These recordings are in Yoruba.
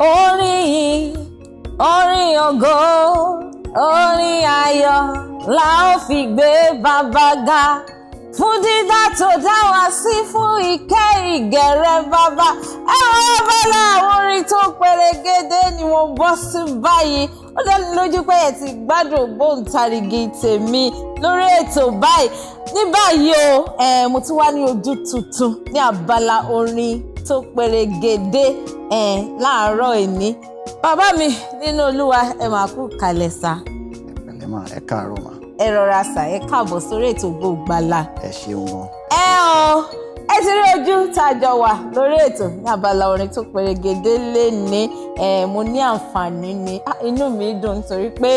orin orin ògo orin ayọ̀ la ó fi gbé bàbá ga fún dídá tó dá wa sí fún ìkẹ́ ìgẹ̀rẹ́ bàbá ẹ wọ́n bọ́lá àwọn orin tó pèrègede ni mo bọ́ sí báyìí ó dáni lójú pé ẹ ti gbádùn gbóǹtarìgì tèmi lórí ètò báyìí ní báyìí o mo ti wá ní ojú tuntun ní abala orin tó pèrègèdè ẹ̀ẹ́n láàárọ̀ ẹ̀ní bàbá mi nínú olúwa ẹ máa kú kalẹ̀ sá. ẹ máa ẹ káàárọ̀ mà. ẹ rọra sà ẹ káàbọ̀ sórí ètò Ògo Ìgbàlà. ẹ ṣeun gan. ẹ ọ ẹ ti rí ojú tá a jọ wà lórí ètò ní abala orin tó pèrègèdè lé ní ẹ mo ní àǹfààní ni inú mi dùn nítorí pé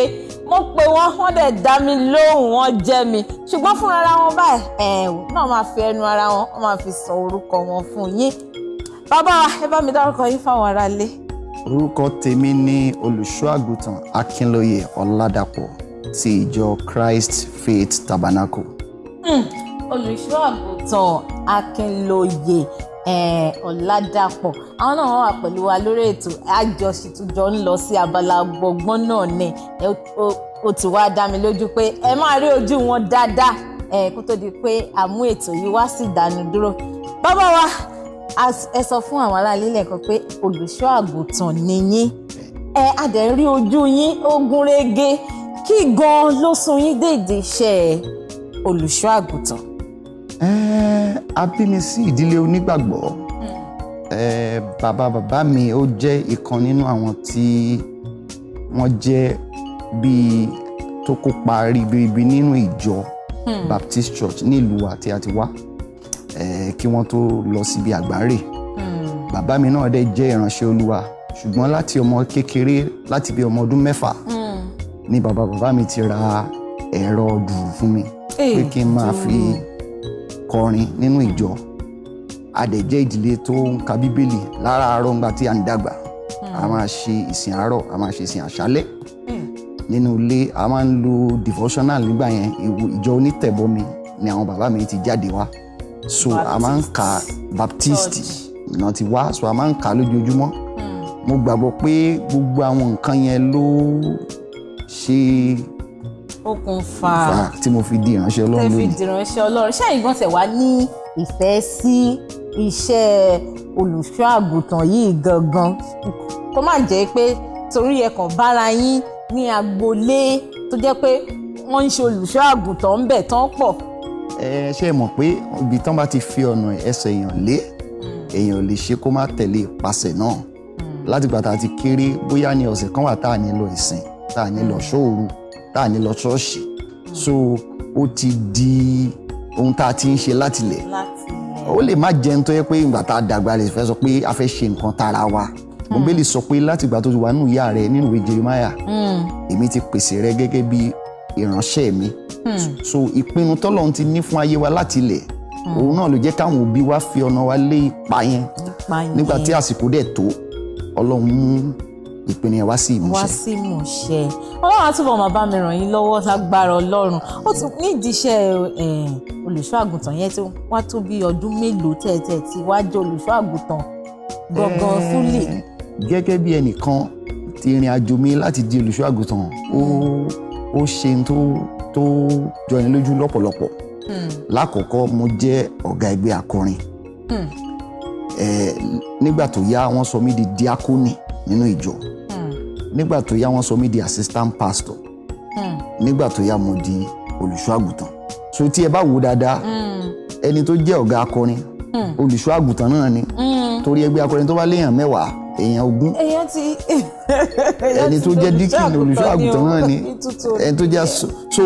mo pè wọn wọn dẹ̀ dá mi lóhùn wọn jẹ́ mi ṣùgbọ́n fúnra wọn báyìí ẹ náà máa fi ẹnu ara wọn wọn máa fi sọ orúkọ wọn fún yín bàbá ẹ bá mi dárúkọ yín fáwọn aráalé. orúkọ tèmi ni olùṣọ́àgùtàn akínlóye ọ̀làdàpọ̀ ti ìjọ christ faith tabernacle. Hmm, olùṣọ́àgùtàn akínlóye ọ̀làdàpọ̀ àwọn náà wọ́n wà pẹ̀lú wa lórí ètò àjọṣìtújọ ń lọ sí abala gbọ̀ngbọ́n náà ni ó ti wá dá mi lójú pé ẹ máa rí ojú wọn dáadáa kó tó di pé àmú ètò yìí wá sí ìdánudúró bàbá wa ẹ sọ fún àwọn aráalé lẹ́ẹ̀kan pé olùṣọ́ àgùntàn ni yín ẹ adẹ̀rí ojú yín ó gúnrégé kí gan ló sún yín déédé iṣẹ́ olùṣọ́ àgùntàn. a bí mi sí ìdílé onígbàgbọ́ bàbá bàbá mi ó jẹ́ ìkan nínú àwọn tí wọ́n jẹ́ bíi tó kópa ribiribi nínú ìjọ hmm. Baptist Church nílùú àti àtiwá. Hmm Eh, kí wọ́n tó lọ síbi àgbáre hmm. bàbá mi náà dẹ̀ jẹ́ ìránṣẹ́ olúwa ṣùgbọ́n láti ọmọ kékeré láti bí ọmọ ọdún mẹ́fà hmm. ni bàbá bàbá mi ti ra ẹ̀rọ dùrù fún mi eh. pé kí n máa fi hmm. kọrin nínú ìjọ a dẹ̀ jẹ́ ìdílé tó ń ka bíbélì láràárọ̀ ńgbà tí a ń dàgbà a máa ṣe ìsìn àárọ̀ a máa ṣe ìsìn àṣálẹ́ nínú ilé a máa ń lo devotional nígbà yẹn ìjọ onítẹ̀bọmi ni àwọn bàbá mi ti jáde wá so a máa ń kà baptist náà ti wá so a máa ń kà lójoojúmọ́ mo gbàgbọ́ pé gbogbo àwọn nǹkan yẹn ló ṣe okùnfà tí mo fi di ìránṣẹ́ Ọlọ́run lónìí. tí mo fi di ìránṣẹ́ Ọlọ́run ṣé ìgbọ́n tẹ̀ wá ní ìfẹ́ sí iṣẹ́ olùṣọ́ àgùntàn yìí gangan kó má jẹ́ pé torí ẹ kàn bára yín ní agboolé tó jẹ́ pé wọ́n ń ṣe olùṣọ́ àgùntàn ń bẹ̀ tán pọ̀ ẹ ṣe mọ̀ pé ibi tán bá ti fi ọ̀nà ẹsẹ̀ èèyàn lé èèyàn lè ṣe kó má tẹ̀lé ìpasẹ̀ náà hmm. láti gbà tá a ti kéré bóyá ní ọ̀sẹ̀ kan wà tá a ní lọ ìsìn tá a ní lọ ṣóòru tá a ní lọ ṣọ́ọ̀ṣì hmm. so ó ti di ohun tá a ti ń ṣe látilẹ̀ ó lè má jẹun tó yẹ pé ìgbà tá a dàgbà lè fẹ́ sọ pé a fẹ́ ṣe nǹkan tara wa hmm. bíbélì sọ pé látìgbà tó ti wà nínú ìyá rẹ nínú ìwé Jeremáyà èmi ti pèsè rẹ gẹ́gẹ́ bí ìránṣẹ́ mi. Mm Hmm. so ìpinnu tọ́lọ́run ti ní fún ayé wa láti ilẹ̀ hmm. òun náà ló jẹ́ káwọn òbí wa fi ọ̀nà wa lé ipa yẹn nígbà tí àsìkò dẹ̀ tó ọlọ́run mú ìpinnu yẹn wá sí ìmúṣẹ. wá sí ìmúṣẹ ọlọ́run àtúbọ̀ máa bá mi ràn yín lọ́wọ́ lágbára ọlọ́run ó ti nídìí iṣẹ́ olùṣọ́ àgùntàn yẹn tí wá tó bí ọdún mélòó tẹ̀tẹ̀ tí wá jẹ́ olùṣọ́ àgùntàn gangan fúlì. gẹ́gẹ́ bí ẹnìkan ti rìn àjò mi láti di olùṣọ́ àgùntàn ó ṣe tó tó jọyìn lójú lọ́pọ̀lọpọ̀ hmm. lákọ̀ọ́kọ́ mo jẹ́ ọ̀gá ẹgbẹ́ akọrin hmm. nígbà tó yá wọ́n sọ mí di diakoni nínú ìjọ hmm. nígbà tó yá wọ́n sọ mí di assistant pastor nígbà tó yá mo di olùṣọ́ àgùntàn so tí ẹ bá wò dáadáa ẹni tó jẹ́ ọ̀gá akọrin olùṣọ́ àgùntàn náà ni torí ẹgbẹ́ akọrin tó bá léèyàn mẹ́wàá èèyàn ogún. èèyàn ti ẹni tó jẹ́ díkìn olùṣọ́ àgùntàn náà ni ẹni tó jẹ́ so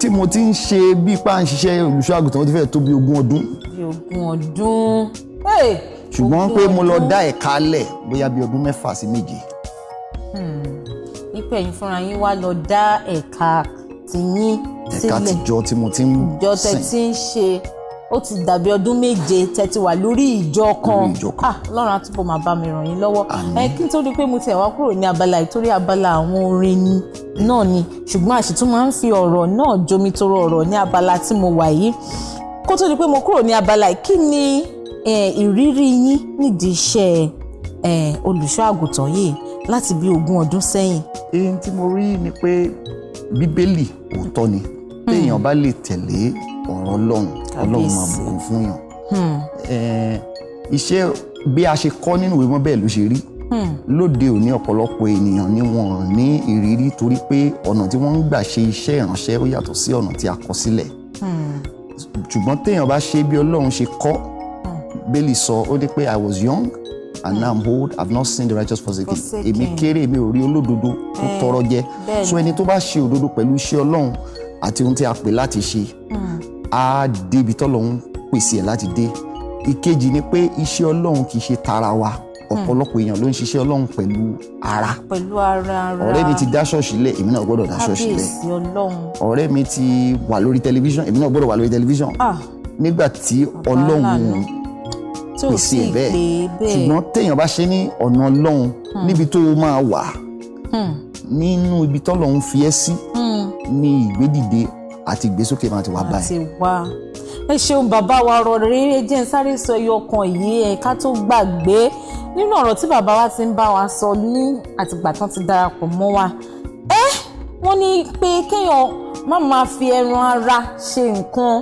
tí mo ti ń ṣe bí pa ń ṣiṣẹ́ olùṣọ́ àgùntàn ó ti fẹ́ tó bí ogún ọdún. ogún ọdún. ṣùgbọ́n pé mo lọ dá ẹ̀ka lẹ̀ bóyá bí ọdún mẹ́fà sí méje. Hmm. nípa ẹ̀yin fúnra yín wá lọ dá ẹ̀ka tìyín sílẹ̀ ẹ̀ka tìjọ tí mo ti ń sìn. ìjọ tẹ ti ń ṣe ó ti dàbí ọdún méje tẹ́tí wà lórí ìjọ kan ah lọ́run àtúbọ̀ máa bá mi ràn yín lọ́wọ́ ẹ kí n tó rí pé mo tẹ̀ wá kúrò ní abala ìtorí abala àwọn orin náà ni ṣùgbọ́n àṣìtún máa ń fi ọ̀rọ̀ náà jomi toro ọ̀rọ̀ ní abala tí mo wà yìí kó tó di pé mo kúrò ní abala kí ni ìrírí yín nídìí iṣẹ́ olùṣọ́ àgùntàn yìí láti bí ogún ọdún sẹ́yìn. èyí tí mo rí ni pé bíbélì òótọ́ ni téèyàn hmm. bá lè tẹ̀lé ọ̀rọ̀ ọlọ́run ọlọ́run máa bùkún fún yàn hmm. iṣẹ́ bí a ṣe kọ́ nínú ìwé mọ́ bẹ́ẹ̀ ló ṣe rí hmm. lóde òní ọ̀pọ̀lọpọ̀ ènìyàn ni wọn ní ìrírí torí pé ọ̀nà tí wọ́n ń gbà ṣe iṣẹ́ ìránṣẹ́ ó yàtọ̀ sí ọ̀nà tí a kọ sílẹ̀ hmm. ṣùgbọ́n téèyàn bá ṣe bí ọlọ́run ṣe kọ́ bẹ́ẹ̀lì sọ ó dé pé i was young and now i'm old i've not seen the righteous forsaken èmi kéré èmi ò rí olódodo tó eh, tọrọ jẹ so ẹni tó bá ṣe òdodo pẹ̀lú iṣẹ́ ọlọ́run àti ohun tí a pè láti ṣe á dé ibi tọ́lọ́run pèsè ẹ̀ láti dé ìkejì ni pé iṣẹ́ ọlọ́run kì í ṣe tara wa ọ̀pọ̀lọpọ̀ èèyàn ló ń ṣiṣẹ́ ọlọ́run pẹ̀lú ara pẹ̀lú ara ara ọ̀rẹ́ mi ti dá ṣọ́ọ̀ṣì lẹ̀ èmi náà gbọ́dọ̀ dá ṣọ́ọ̀ṣì lẹ̀ ọ̀rẹ́ mi ti wà lórí tẹlifíṣàn èmi náà gbọ́dọ̀ wà lórí tẹlifíṣàn ah. nígbà tí ọlọ́run pèsè ẹ̀ bẹ́ẹ̀ ṣùgbọ́n téèyàn bá ṣe ní ọ̀nà ọlọ́run hmm. níbi tó máa wà hmm. nínú ibi tọ́lọ́run fi ẹ́ sí hmm. ní ìgbédìde àti ìgbésókè máa ti wá báyìí. àti wá ẹ ṣeun bàbá wa ọ̀rọ̀ rere jẹ́ ń sáré sọ iye ọkàn yìí ẹ̀ ká tó gbàgbé nínú ọ̀rọ̀ tí bàbá wa ti ń bá wa sọ ní àtìgbà tán ti darapọ̀ mọ́ wa ẹ́ wọ́n ní pé kéèyàn má máa fi ẹran ara ṣe nǹkan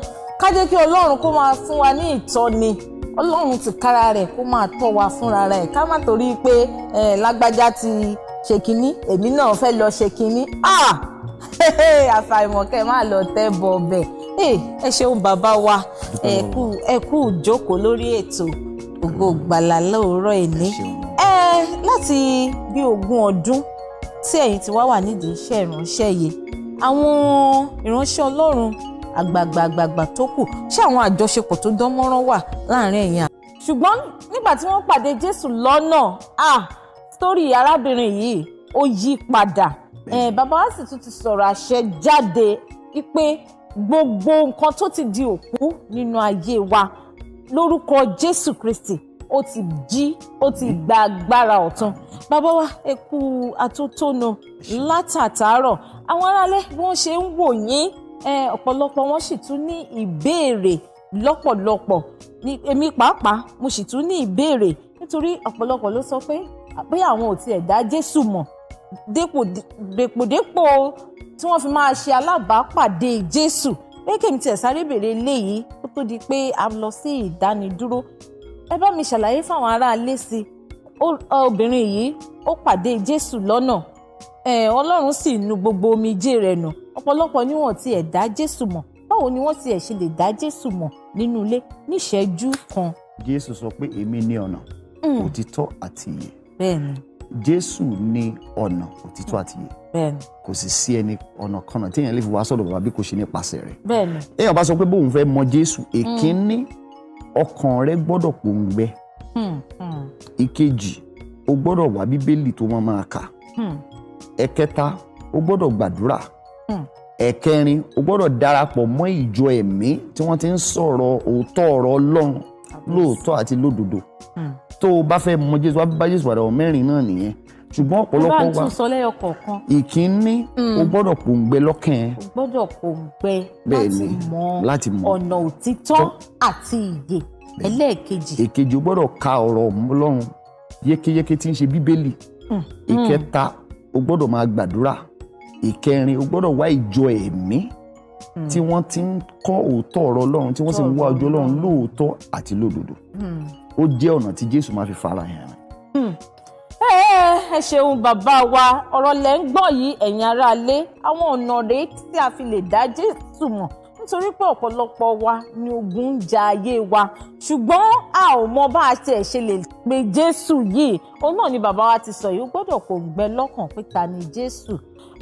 ká jẹ́ kí ọlọ́run kó máa fún wa ní ìtọ́ni ọlọ́run ti kára rẹ̀ kó máa tọ́ wa fúnra rẹ̀ ká má torí pé lágbájá ti ṣe kínní èmi náà fẹ́ lọ ṣe kínní ah! àfàìmọ̀ kẹ́ ẹ má lọ tẹ́ bọ ọbẹ̀ eh, ẹ ṣeun bàbá wa ẹ kú ìjókòó lórí ètò Ògo Ìgbàlà lóòrọ̀ ìní ẹ láti bí ogún ọdún tí ẹ̀yin ti wá wà nídìí iṣẹ́ ìránṣẹ́ yìí àwọn ìránṣẹ́ Ọlọ́run àgbààgbààgbà tó kù ṣé àwọn àjọṣepọ̀ tó dán mọ́rán wà láàrin ẹ̀yin àná. ṣùgbọ́n nígbà tí wọ́n pàdé Jésù lọ́nà ah sítórì arábìnrin yìí ó yí padà Eh, bàbá wa sì tún ti sọ̀rọ̀ àṣẹ jáde wípé gbogbo nǹkan tó ti di òkú nínú ayé wa lórúkọ Jésù Kristi ó ti jí ó ti gba agbára ọ̀tun bàbá wa ẹ kú atótónu látàtàárọ̀ àwọn aráalé bí wọ́n ṣe ń wò yín eh, ọ̀pọ̀lọpọ̀ wọn sì tún ní ìbéèrè lọ́pọ̀lọpọ̀ ní èmi pàápàá mo sì tún ní ìbéèrè nítorí ọ̀pọ̀lọpọ̀ ló sọ pé pé àwọn ò tiẹ̀ dá Jésù mọ̀ dèpòdèpò tí wọ́n fi máa ṣe alábàápàdé Jésù pé kèmí tiẹ̀ sáré bèrè eléyìí kó tó di pé a lọ sí ìdánidúró ẹ bá mi ṣàlàyé fáwọn aráalé sí obìnrin yìí ó pàdé Jésù lọ́nà Ọlọ́run sì nu gbogbo omijé rẹ̀ nù ọ̀pọ̀lọpọ̀ ni wọ́n tiẹ̀ dá Jésù mọ̀ báwo ni wọ́n tiẹ̀ ṣe lè dá Jésù mọ̀ nínú ilé níṣẹ́jú kan. Jésù sọ pé èmi ni ọ̀nà hmm. òtítọ́ àti ìyè. bẹ́ẹ̀ni jésù ni ọ̀nà òtítọ́ àti ìyè bẹ́ẹ̀ni kò sì sí ẹni ọ̀nà kan náà téèyàn lè fi wá sọ̀dọ̀ bàbá bí kò ṣe nípasẹ̀ rẹ̀ bẹ́ẹ̀ni èèyàn bá sọ pé bóun fẹ́ mọ jésù hmm. èkínní ọkàn rẹ gbọ́dọ̀ pòǹgbẹ hmm, hmm. ìkejì o gbọ́dọ̀ wá bíbélì tó máa máa kà ẹ̀kẹta o gbọ́dọ̀ gbàdúrà ẹ̀kẹrin o gbọ́dọ̀ darapọ̀ mọ́ ìjọ ẹ̀mí tí wọ́n ti ń sọ̀rọ̀ òótọ́ ọ̀rọ̀ ọlọ́run lóòótọ́ àti lódodo tó o bá fẹ́ mọ jésù wá bá jésù wà lọ́wọ́ náà nìyẹn ṣùgbọ́n ọ̀pọ̀lọpọ̀ wa ìkíní hmm. o gbọ́dọ̀ pòǹgbẹ lọ́kàn ẹ̀. o gbọ́dọ̀ pòǹgbẹ láti mọ ọ̀nà òtítọ́ àti ìyè ẹlẹ́ẹ̀kejì. èkejì o gbọ́dọ̀ ka ọ̀rọ̀ ọlọ́run yékéyéké tí ń ṣe bíbélì. Hmm. ìkẹta o gbọ́dọ̀ máa gbàdúrà ìkẹrin o gbọ́dọ̀ wá ìjọ ẹ̀mí hmm. tí wọ́n ti ń kọ́ òótọ́ ọ̀rọ̀ ọlọ́run tí wọ́n sì ń wá ọjọ́ ọlọ́run lóòótọ́ àti lódodo ó jẹ́ ọ̀nà tí jésù máa fi fara hàn rẹ̀. ẹ ṣeun bàbá wa ọ̀rọ̀ lẹ́ ń gbọ́ yìí ẹ̀yin aráalé àwọn ọ̀nà rèé tí a fi lè dá jésù mọ̀ nítorí pé ọ̀pọ̀lọpọ̀ wa ni ogun ń ja ayé wa ṣùgbọ́n a ò mọ bá a tiẹ̀ ṣe lè pe jésù yìí òun náà ni bàbá wa ti sọ yìí ó gbọ́dọ̀ kó gbẹ lọ́kàn pé ta ni jésù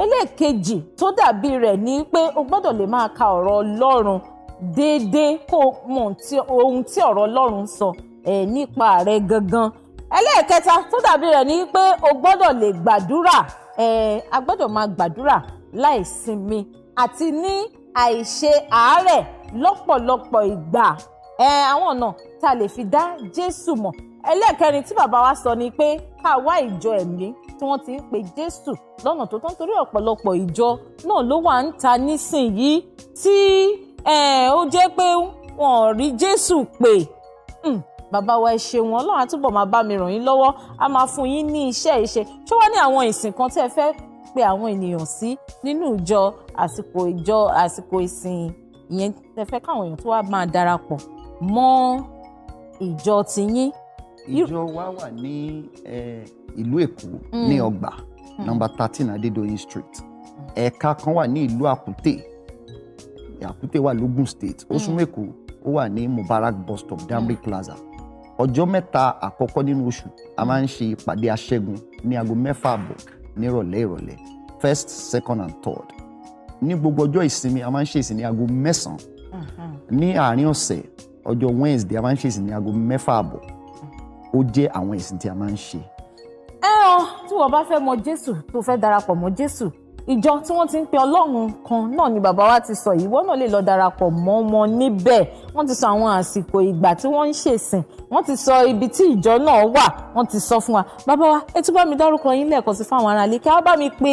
ẹlẹ́ẹ̀kejì tó dàbí rẹ̀ ni pé o gbọ́dọ̀ lè máa ka ọ̀rọ̀ ọlọ́run déédéé kó mọ ohun tí ọ̀rọ̀ ọlọ́run sọ eh, nípa rẹ gangan ẹlẹ́ẹ̀kẹta tó dàbí rẹ̀ ni pé o gbọ́dọ̀ lè gbàdúrà eh, a gbọ́dọ̀ máa gbàdúrà láì sinmi àti ní àìṣe àárẹ̀ lọ́pọ̀lọpọ̀ ìgbà àwọn ọ̀nà tá a lè fi dá Jésù mọ̀ ẹlẹ́ẹ̀kẹrin tí bàbá wa sọ ni pé ká wá ìjọ ẹ̀mí tí wọ́n ti ń pe Jésù lọ́nà tó tán torí ọ̀pọ̀lọpọ̀ ìjọ náà ló wà ń ta nísìnyìí tí ó jẹ́ pé wọ́n rí Jésù pè hmm bàbá wa ẹ ṣeun ọlọ́run àtúbọ̀ máa bá mi ràn yín lọ́wọ́ a máa fún yín ní iṣẹ́ ìṣe ṣé wá ní àwọn ìsìn kan tẹ́ ẹ fẹ́ pe àwọn ènìyàn sí nínú ìjọ àsìkò ìjọ àsìkò ìsìn ìyẹn tẹ́ fẹ́ káwọn èèyàn tó wá máa darapọ̀ mọ́ ìjọ tiyín. ìjọ wa wà ní ìlú èkó mm. ní ọgbà mm. nọ́mbà thirteen adédọyìn street mm. ẹ̀ka kan wà ní ìlú àkúté àkúté wà lógùn state ó súnmọ́ èkó ó wà ní mubarak bus stop damri plaza ọjọ́ mẹ́ta àkọ́kọ́ nínú oṣù a máa ń ṣe ìpàdé aṣẹ́gun ní aago mẹ́fà àbọ̀ nírọ̀lẹ́ ìrọ̀lẹ́ first second and third ní gbogbo ọjọ́ ìsinmi a máa ń ṣe ìsìn ní aago mẹ́sàn-án ní àárín ọ̀sẹ̀ ọjọ́ wednesday a máa ń ṣe ìsìn ní aago mẹ́fà àbọ̀ ó jẹ́ àwọn ìsìn tí a máa ń ṣe. ẹ ọ tí wọn bá fẹ́ mọ jésù tó fẹ́ darapọ̀ mọ́ jésù ìjọ tí wọ́n ti ń pe ọlọ́run kan náà ni bàbá wa ti sọ yìí wọ́n náà lè lọ darapọ̀ mọ́ wọn níbẹ̀ wọ́n ti sọ àwọn àsìkò ìgbà tí wọ́n ń ṣèsìn wọ́n ti sọ ibi tí ìjọ náà wà wọ́n ti sọ fún wa bàbá wa ẹ bá mi dárúkọ yín lẹ́ẹ̀kan sí fáwọn aráalé kí á bá mi pe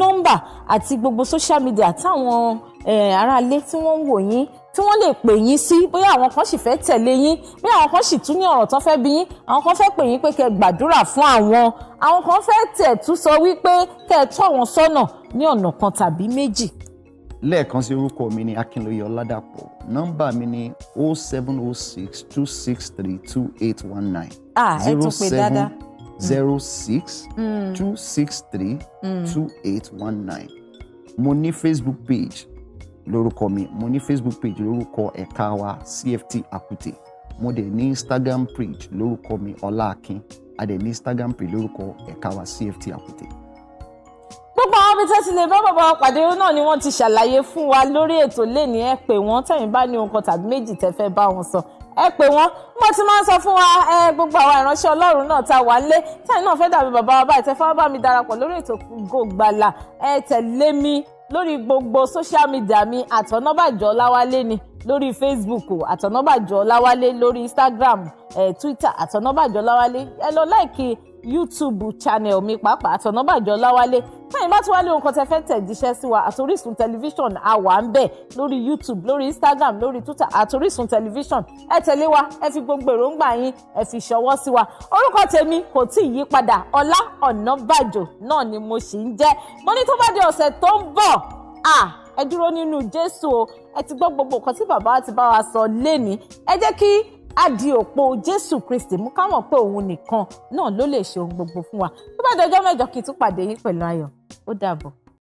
nọ́mbà àti gbogbo social media táwọn eh, aráalé tí wọ́n ń wò yín tí wọ́n lè pè yín sí bóyá àwọn kan sì fẹ́ tẹ̀lé yín bóyá àwọn kan sì tún ní ọ̀rọ̀ tán fẹ́ bi yín àwọn kan fẹ́ pè yín pé kẹ́ gbàdúrà fún àwọn àwọn kan fẹ́ tẹ̀ tún sọ wípé kẹ́ ẹ tọ́ àwọn sọ́nà ní ọ̀nà kan tàbí méjì. lẹ́ẹ̀kan sí orúkọ mi ni Akínlóye Ọládàpọ̀ nọ́mbà mi ni o oh seven o oh six two six three two eight one nine. ah ẹ tún pè dáadáa. zero six two six three two eight one nine mo ní Facebook page lórúkọ mi mo ní facebook page lórúkọ ẹ̀ka wa cft akute mo dẹ̀ ní instagram page lórúkọ mi ọlá a dẹ̀ ní instagram page lórúkọ ẹ̀ka wa cft akute gbogbo àwọn ibi tẹ́sí lè bá bàbá wa pàdé náà ni wọ́n ti ṣàlàyé fún wa lórí ètò lẹ́ni ẹ pè wọ́n tẹ̀yìn bá ní ohun tàbí méjì tẹ́ fẹ́ bá wọn sọ ẹ pè wọ́n mo ti máa ń sọ fún wa ẹ gbogbo àwa ìránṣẹ́ Ọlọ́run náà tá wà lé táyì náà fẹ́ dàbí bàbá wa báyìí tẹ́fọ́ bá mi darapọ̀ lórí ètò Ògo Ìgbàlà ẹ tẹ̀lé mi lórí gbogbo social media mi àtọ̀nàbàjọ́ Ọláwálé ni lórí Facebook àtọ̀nàbàjọ́ Ọláwálé lórí Instagram ẹ Twitter àtọ̀nàbàjọ́ Ọláwálé ẹ lọ láìkì youtube channel mi pàápàá àtọ̀nàbàjọ́ láwálé fẹ́yìn bá ti wá lé ohun kan tẹ́ fẹ́ tẹ̀jíṣẹ́ sí wa àti Orísun a wà ń bẹ̀ lórí youtube lórí instagram lórí twitter àti Orísun tẹlifíṣọ̀n ẹ tẹ̀lé wa ẹ fi gbogbo èròǹgbà yín ẹ fi ṣọwọ́ sí wa orúkọ tèmi kò tí ì yí padà Ọlá Ọ̀nàbàjọ́ náà ni mo sì ń jẹ́ mo ní tó bá di ọ̀sẹ̀ tó ń bọ̀ à ẹ dúró nínú Jésù o ẹ ti gbọ́ gbogbo nǹkan tí bàbá ti bá wa sọ lénìí ẹ jẹ́ kí á di òpó jésù kristi mú ká mọ̀ pé òun nìkan náà ló lè ṣe ohun gbogbo fún wa tó bá dọjọ́ mẹ́jọ kí n tún pàdé yín pẹ̀lú ayọ̀ ó dàbọ̀.